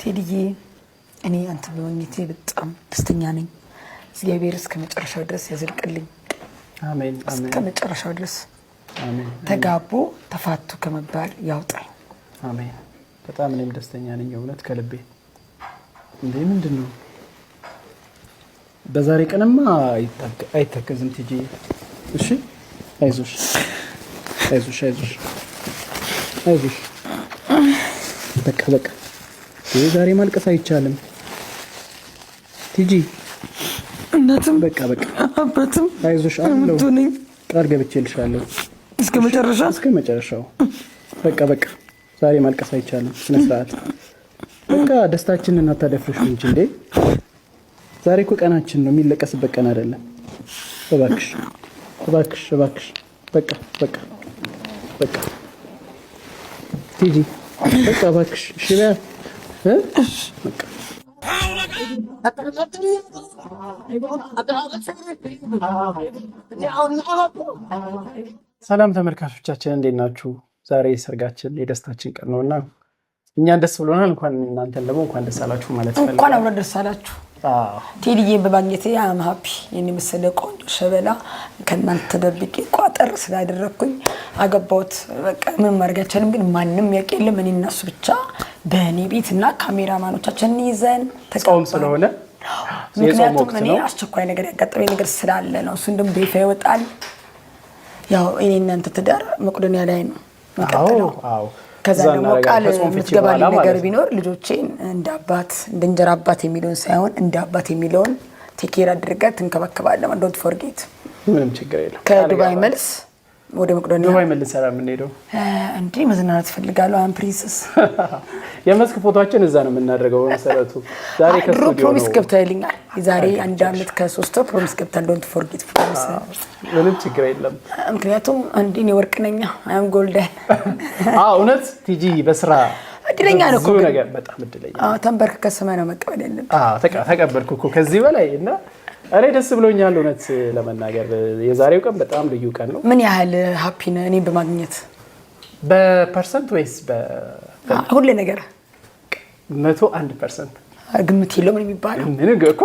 ቴዲዬ እኔ አንተ በመኝቴ በጣም ደስተኛ ነኝ። እግዚአብሔር እስከ መጨረሻው ድረስ ያዘልቅልኝ። እስከ መጨረሻው ድረስ ተጋቦ ተፋቱ ከመባል ያውጣኝ። አሜን። በጣም እኔም ደስተኛ ነኝ፣ እውነት ከልቤ። እንዴ ምንድን ነው በዛሬ ቀንማ አይተከዝም ቲጂ። እሺ አይዞሽ፣ አይዞሽ፣ አይዞሽ፣ አይዞሽ። በቃ በቃ፣ ይሄ ዛሬ ማልቀስ አይቻልም። ቲጂ እናትም በቃ በቃ፣ አባትም አይዞሽ አለው። ቃል ገብቼልሻለሁ እስከ መጨረሻ እስከ መጨረሻው። በቃ በቃ፣ ዛሬ ማልቀስ አይቻልም። ስነ ስርዓት በቃ። ደስታችንን አታደፍርሽ እንጂ እንዴ! ዛሬ እኮ ቀናችን ነው፣ የሚለቀስበት ቀን አይደለም። እባክሽ እባክሽ እባክሽ፣ በቃ በቃ በቃ ቲጂ በቃ እባክሽ፣ እሺ በቃ ሰላም ተመልካቾቻችን እንዴት ናችሁ? ዛሬ ሰርጋችን የደስታችን ቀን ነው እና እኛን ደስ ብሎናል። እንኳን እናንተን ደግሞ እንኳን ደስ አላችሁ ማለት እንኳን አብረን ደስ አላችሁ ቴዲዬን በማግኘቴ አም ሀፒ የኔ ቆ ሸበላ ከእናንተ ተደብቄ ቋጠር ስላደረግኩኝ አገባሁት። በቃ ምንም ማድረግ አልቻልም፣ ግን ማንም ያውቅ የለም። እኔ እና እሱ ብቻ በእኔ ቤት እና ካሜራማኖቻችንን ይዘን ተቃውም ስለሆነ ምክንያቱም እኔ አስቸኳይ ነገር ያጋጠመኝ ነገር ስላለ ነው። እሱ እንደውም ቤፋ ይወጣል። ያው እኔ እናንተ ትዳር መቁደኒያ ላይ ነው የሚቀጥለው። ከዛ ደግሞ ቃል የምትገባልኝ ነገር ቢኖር ልጆቼን እንደ አባት እንደ እንጀራ አባት የሚለውን ሳይሆን እንደ አባት የሚለውን ቴኬር አድርጋ ትንከባከባለ። ዶንት ፎርጌት። ምንም ችግር የለም። ከዱባይ መልስ ወደ መቅዶኒያ ዱባይ መልስ ሰራ የምንሄደው እንዴ መዝናናት ፈልጋለሁ። አን ፕሪንስስ የመስክ ፎቶችን እዛ ነው የምናደርገው። በመሰረቱ ዛሬ ከድሮ ፕሮሚስ ገብተህልኛል። የዛሬ አንድ አመት ከሶስት ወር ፕሮሚስ ገብተሃል። ዶንት ፎርጌት ፕሮሚስ። ምንም ችግር የለም። ምክንያቱም እንዴ ነው ወርቅነኛ አም ጎልደን። አዎ እውነት ቲጂ በስራ እድለኛ ነው እኮ ነገር በጣም እድለኛ። አዎ ተንበርክከህ ነው መቀበል ያለብህ። አዎ ተቀበልኩ እኮ ከዚህ በላይ እና እኔ ደስ ብሎኛል። እውነት ለመናገር የዛሬው ቀን በጣም ልዩ ቀን ነው። ምን ያህል ሀፒ ነህ በማግኘት በፐርሰንት ወይስ ሁሌ ነገር መቶ አንድ ፐርሰንት ግምት የለውም ነው የሚባለው። እኮ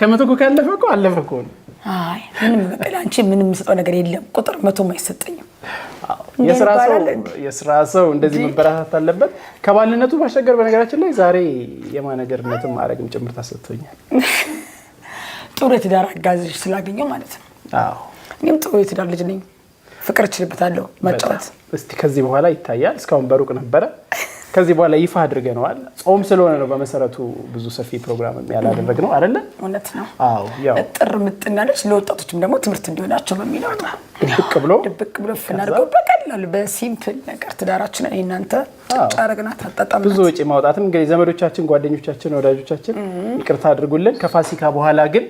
ከመቶ እኮ ካለፈ እኮ አለፈ እኮ ነው። አይ ምንም አንቺ ምንም የምሰጠው ነገር የለም። ቁጥር መቶም አይሰጠኝም። የስራ ሰው እንደዚህ መበረታት አለበት። ከባልነቱ ባሻገር በነገራችን ላይ ዛሬ የማናጀርነትን ማድረግም ጭምር ታሰጥቶኛል። ጥሩ የትዳር አጋዝሽ ስላገኘው ማለት ነው። እኔም ጥሩ የትዳር ልጅ ነኝ። ፍቅር እችልበታለሁ፣ መጫወት እስቲ ከዚህ በኋላ ይታያል። እስካሁን በሩቅ ነበረ። ከዚህ በኋላ ይፋ አድርገነዋል። ጾም ስለሆነ ነው በመሰረቱ ብዙ ሰፊ ፕሮግራም ያላደረግ ነው አይደለ? እውነት ነው። ጥር ምጥናለች። ለወጣቶችም ደግሞ ትምህርት እንዲሆናቸው በሚለው ድብቅ ብሎ ድብቅ ብሎ ፍናድርገው በቀላሉ በሲምፕል ነገር ትዳራችን እናንተ ጫረግናት አጣጣም ብዙ ወጪ ማውጣትም እንግዲህ ዘመዶቻችን፣ ጓደኞቻችን፣ ወዳጆቻችን ይቅርታ አድርጉልን። ከፋሲካ በኋላ ግን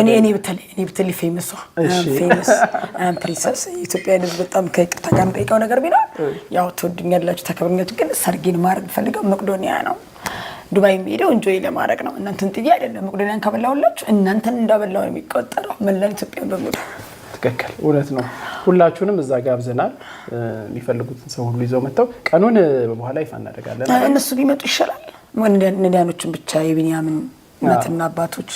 እኔ እኔ ብትል እኔ ፌመስ ፕሪንሰስ ኢትዮጵያ ሕዝብ በጣም ከይቅርታ ጋር የምጠይቀው ነገር ቢኖር ያው ትወዱኛላችሁ፣ ታከብሩኛላችሁ፣ ግን ሰርጌን ማድረግ ፈልገው መቅዶኒያ ነው። ዱባይ የሚሄደው እንጆይ ለማድረግ ነው። እናንተን ጥዬ አይደለም። መቅዶኒያን ካበላሁላችሁ እናንተን እንዳበላው ነው የሚቆጠረው። መላን ኢትዮጵያ በሙሉ ትክክል፣ እውነት ነው። ሁላችሁንም እዛ ጋብዘናል። የሚፈልጉትን ሰው ሁሉ ይዘው መጥተው ቀኑን በኋላ ይፋ እናደርጋለን። እነሱ ቢመጡ ይሻላል። ነዳያኖችን ብቻ የቢኒያምን። እናትና አባቶች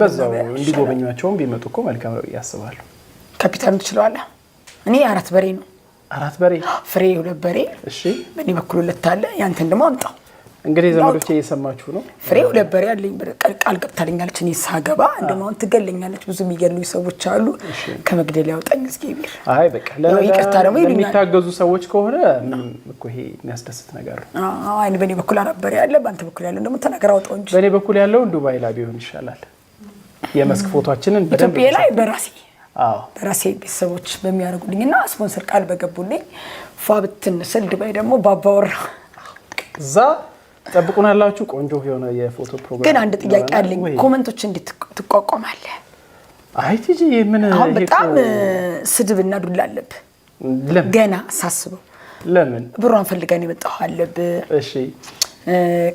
በዛው እንዲጎበኟቸውም ቢመጡ እኮ መልካም ነው ያስባሉ። ካፒታሉን ትችለዋለህ። እኔ አራት በሬ ነው አራት በሬ ፍሬ ሁለት በሬ እሺ፣ በእኔ በኩል ሁለት አለ። ያንተን ደግሞ አምጣው እንግዲህ ዘመዶች እየሰማችሁ ነው። ፍሬው ነበር ያለኝ ቃል ገብታልኛለች። እኔ ሳገባ እንደውም አሁን ትገለኛለች። ብዙ የሚገሉ ሰዎች አሉ። ከመግደል ያውጣኝ እግዚአብሔር። አይ በቃ ይቅርታ ደግሞ የሚታገዙ ሰዎች ከሆነ እኮ ይሄ የሚያስደስት ነገር ነው። አይ በእኔ በኩል ነበር ያለ። በአንተ በኩል ያለው ደግሞ ተነገር አውጣው እንጂ በእኔ በኩል ያለው እንዱ ባይላ ቢሆን ይሻላል። የመስክ ፎቶችንን ኢትዮጵያ ላይ በራሴ በራሴ ቤተሰቦች በሚያደርጉልኝ እና ስፖንሰር ቃል በገቡልኝ ፏ ብትን ስል ዱባይ ደግሞ ባባወራ እዛ ጠብቁን ያላችሁ ቆንጆ የሆነ የፎቶ ፕሮግራም። ግን አንድ ጥያቄ አለኝ። ኮመንቶች እንዴት ትቋቋማለህ? አይ ቲጂ ምን አሁን በጣም ስድብ እና ዱላ አለብህ። ገና ሳስበው ለምን ብሯን ፈልገን የመጣሁ አለብህ። እሺ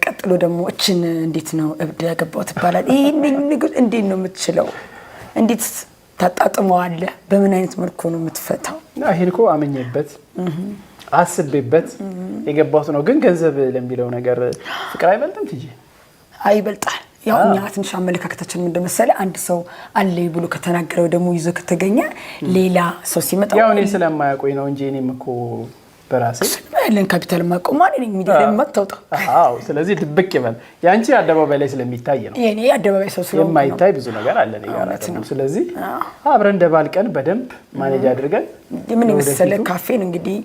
ቀጥሎ ደግሞ እችን እንዴት ነው እብድ ያገባው ትባላል። ይህ ንግግር እንዴት ነው የምትችለው? እንዴት ታጣጥመዋለህ? በምን አይነት መልኩ ነው የምትፈታው? ይሄን እኮ አመኘበት አስቤበት የገባሁት ነው። ግን ገንዘብ ለሚለው ነገር ፍቅር አይበልጥም ትጂ አይበልጣል። ያው እኛ ትንሽ አመለካከታችን ምን መሰለ፣ አንድ ሰው አለ ብሎ ከተናገረው ደግሞ ይዞ ከተገኘ ሌላ ሰው ሲመጣ ያው እኔ ስለማያውቁኝ ነው እንጂ እኔም እኮ በራሴ ያለን ካፒታል ማቆማ ሚዲያ ስለዚህ ድብቅ ይበል። የአንቺ አደባባይ ላይ ስለሚታይ ነው፣ የኔ አደባባይ ሰው የማይታይ ብዙ ነገር አለ። ስለዚህ አብረን እንደ ባል በደንብ ማኔጅ አድርገን ምን የመሰለ ካፌን እንግዲህ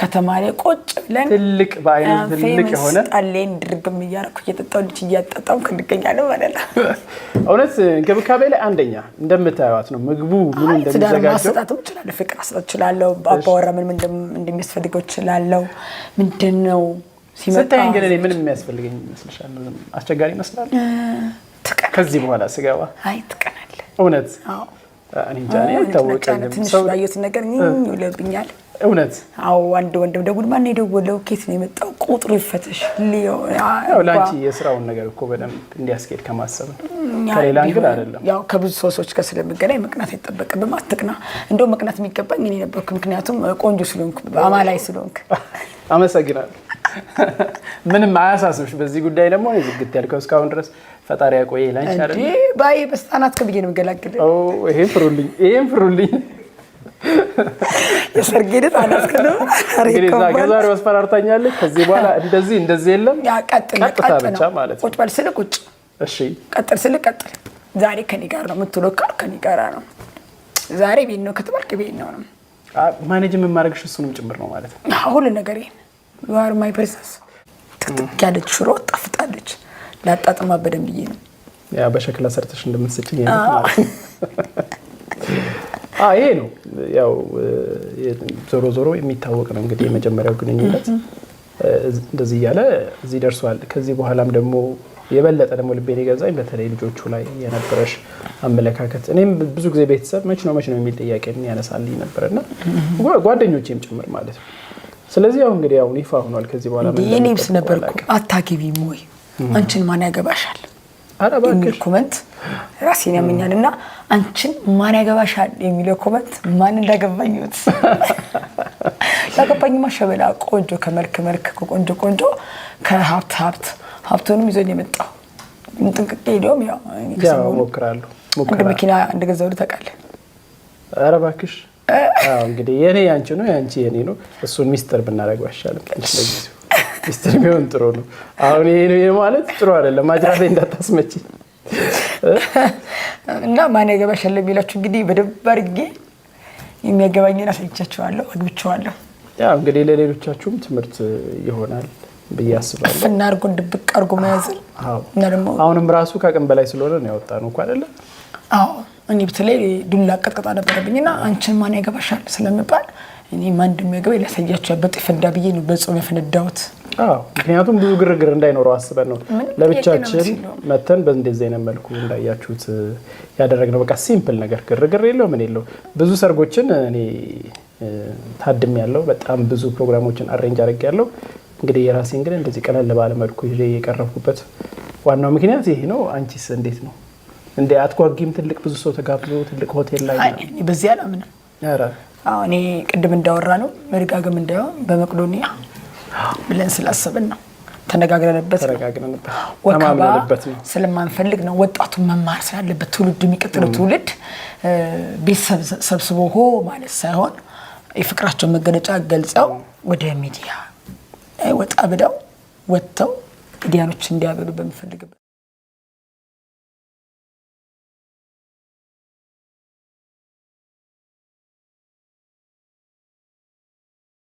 ከተማ ላይ ቁጭ ብለን ትልቅ በአይነት ትልቅ የሆነ ጣሌን ድርግም እያደረኩ እየጠጣሁ ልጅ እያጠጣሁ እንገኛለን ማለት ነው። እውነት እንክብካቤ ላይ አንደኛ እንደምታዩት ነው። ምግቡ ምን እንደሚዘጋጀው ማሰጣትም እችላለሁ፣ ፍቅር አሰጣት እችላለሁ፣ አባወራ ምን እንደሚያስፈልገው እችላለሁ። ምንድን ነው ስታየኝ ግን እኔ ምንም የሚያስፈልገኝ ይመስልሻል? አስቸጋሪ ይመስላል? ከዚህ በኋላ ስገባ አይ ትቀናለህ። እውነት እኔ እንጃ አይታወቅም። ትንሽ ባየሁት ነገር ይውለብኛል እውነት አዎ። አንድ ወንድም ደውል፣ ማነው የደወለው? ኬት ነው የመጣው? ቁጥሩ ይፈተሽ። ለአንቺ የስራውን ነገር እኮ በደንብ እንዲያስኬድ ከማሰብ ከሌላ እንግል አይደለም። ያው ከብዙ ሰዎች ጋር ስለምገናኝ መቅናት አይጠበቅብም። አትቅና። እንደው መቅናት የሚገባኝ እኔ ነበርኩ፣ ምክንያቱም ቆንጆ ስለሆንኩ አማላይ ስለሆንክ። አመሰግናለሁ። ምንም አያሳስብሽ። በዚህ ጉዳይ ደግሞ ዝግት ያልከው እስካሁን ድረስ ፈጣሪ ያቆየ። ላንቺ ባይ በስጣናት ከብዬ ነው የምገላግል። ይሄን ፍሩልኝ፣ ይሄን ፍሩልኝ የሰርግ ሂደት አላስከነው ከዛሬ መስፈራርታኛለች። ከዚህ በኋላ እንደዚህ እንደዚህ የለም ቀጥታ ብቻ ማለት ነው። ቁጭ በል ስልህ ቁጭ፣ ቀጥል ስል ቀጥል። ዛሬ ከኔ ጋር ነው የምትውለው ካልክ ከኔ ጋር ነው። ዛሬ ቤት ነው ከተባልክ ቤት ነው ነው ማኔጅ የምማደርግሽ እሱንም ጭምር ነው ማለት ነው። ሁሉ ነገር ዩ ማይ ፕሪንሰስ። ትክትክ ያለች ሽሮ ጣፍጣለች። ላጣጥማ በደንብ ብዬ ነው ያ በሸክላ ሰርተሽ እንደምትሰጭኝ ይሄ ነው ያው ዞሮ ዞሮ የሚታወቅ ነው እንግዲህ የመጀመሪያው ግንኙነት እንደዚህ እያለ እዚህ ደርሷል። ከዚህ በኋላም ደግሞ የበለጠ ደግሞ ልቤን የገዛኝ በተለይ ልጆቹ ላይ የነበረሽ አመለካከት እኔም ብዙ ጊዜ ቤተሰብ መች ነው መች ነው የሚል ጥያቄ ምን ነበር ነበርና ጓደኞቼም ጭምር ማለት ነው። ስለዚህ አሁን እንግዲህ አሁን ይፋ ሆኗል። ከዚህ በኋላ የኔ ነበር አታገቢም ወይ አንቺን ማን ያገባሻል? ኮመንት ራሴን ያመኛል እና አንቺን ማን ያገባሻል የሚለው ኮመንት ማን እንዳገባኝ ይወት ያገባኝማ ሸበላ ቆንጆ ከመልክ መልክ ከቆንጆ ቆንጆ ከሀብት ሀብት ሀብቱንም ይዞን የመጣው ጥንቅቄ ሄደውም ሞክራሉ አንድ መኪና እንደገዛሁ ታውቃለህ። ኧረ እባክሽ እንግዲህ የኔ ያንቺ ነው ያንቺ የኔ ነው። እሱን ሚስጥር ብናደርገው አይሻልም? ሚስጥር ቢሆን ጥሩ ነው። አሁን ይሄ ማለት ጥሩ አይደለም። ላይ እንዳታስመጪ እና ማን ያገባሻል የሚላችሁ እንግዲህ በደንብ አድርጌ የሚያገባኝን አሳይቻችኋለሁ፣ አግብቼዋለሁ። ያው እንግዲህ ለሌሎቻችሁም ትምህርት ይሆናል ብዬ አስባለሁ። እና አድርጎ እንድብቅ አድርጎ መያዝን እና ደግሞ አሁንም ራሱ ከቅን በላይ ስለሆነ ነው ያወጣ ነው እኮ አይደለ? አዎ እኔ በተለይ ዱላ ነበረብኝ ነበረብኝና አንቺን ማን ያገባሻል ስለሚባል እኔም አንድ ምግብ ላሳያቸው በጤፍ እንዳ ብዬ ነው በጾም ያፈነዳሁት። ምክንያቱም ብዙ ግርግር እንዳይኖረው አስበን ነው ለብቻችን መተን በእንደዚህ አይነት መልኩ እንዳያችሁት ያደረግነው። በቃ ሲምፕል ነገር፣ ግርግር የለው ምን የለው። ብዙ ሰርጎችን እኔ ታድም ያለው በጣም ብዙ ፕሮግራሞችን አሬንጅ አድርግ ያለው እንግዲህ የራሴን ግን እንደዚህ ቀለል ባለ ይዤ የቀረብኩበት ዋናው ምክንያት ይሄ ነው። አንቺስ እንዴት ነው? እንደ አትጓጊም? ትልቅ ብዙ ሰው ተጋብዞ ትልቅ ሆቴል ላይ በዚህ አላምንም እኔ ቅድም እንዳወራ ነው መድጋግም እንዳይሆን በመቅዶኒያ ብለን ስላሰብን ነው ተነጋግረንበት ወከባ ስለማንፈልግ ነው። ወጣቱ መማር ስላለበት ትውልድ የሚቀጥለው ትውልድ ቤተሰብ ሰብስቦ ሆ ማለት ሳይሆን የፍቅራቸውን መገለጫ ገልጸው ወደ ሚዲያ ወጣ ብለው ወጥተው ሚዲያኖች እንዲያበሉ በምፈልግበት